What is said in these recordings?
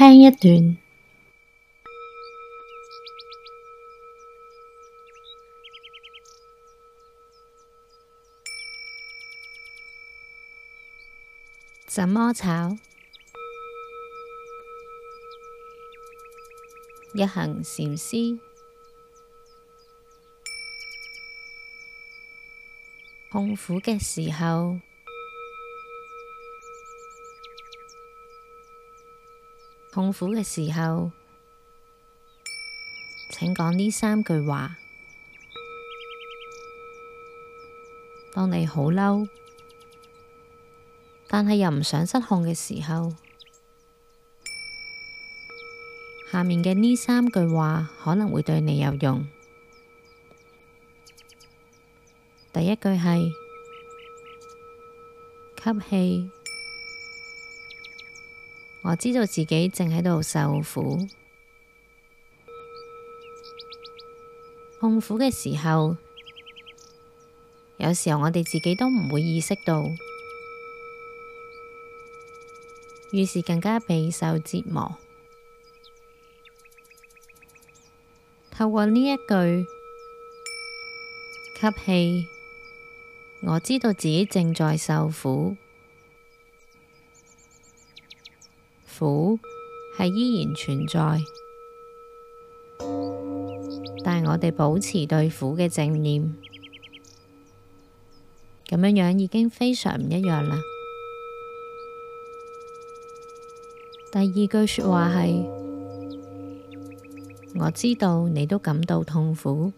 聽一段，怎麼炒一行禪師，痛苦嘅時候。痛苦嘅時候，請講呢三句話。當你好嬲，但係又唔想失控嘅時候，下面嘅呢三句話可能會對你有用。第一句係吸氣。我知道自己正喺度受苦，痛苦嘅時候，有時候我哋自己都唔會意識到，於是更加備受折磨。透過呢一句吸氣，我知道自己正在受苦。苦係依然存在，但我哋保持對苦嘅正念，咁樣樣已經非常唔一樣啦。第二句說話係，我知道你都感到痛苦。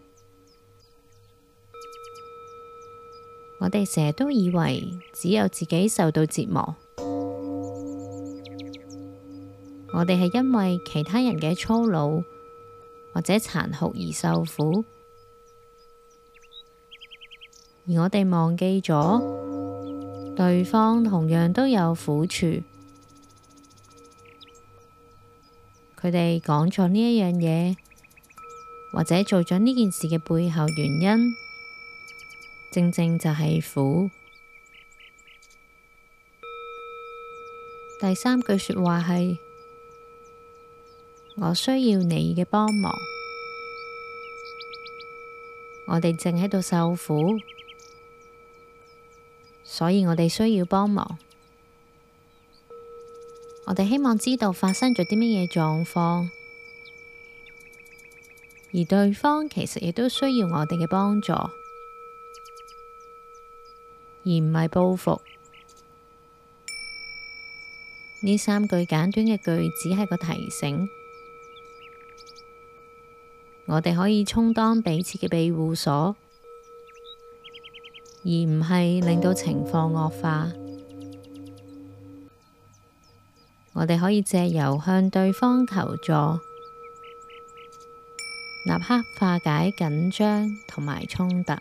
我哋成日都以為只有自己受到折磨。我哋係因為其他人嘅粗魯或者殘酷而受苦，而我哋忘記咗對方同樣都有苦處。佢哋講錯呢一樣嘢，或者做咗呢件事嘅背後原因，正正就係苦。第三句說話係：我需要你嘅幫忙，我哋正喺度受苦，所以我哋需要幫忙。我哋希望知道發生咗啲乜嘢狀況，而對方其實亦都需要我哋嘅幫助，而唔係報復。呢三句簡短嘅句子係個提醒。我哋可以充當彼此嘅庇護所，而唔係令到情況惡化。我哋可以借由向對方求助，立刻化解緊張同埋衝突。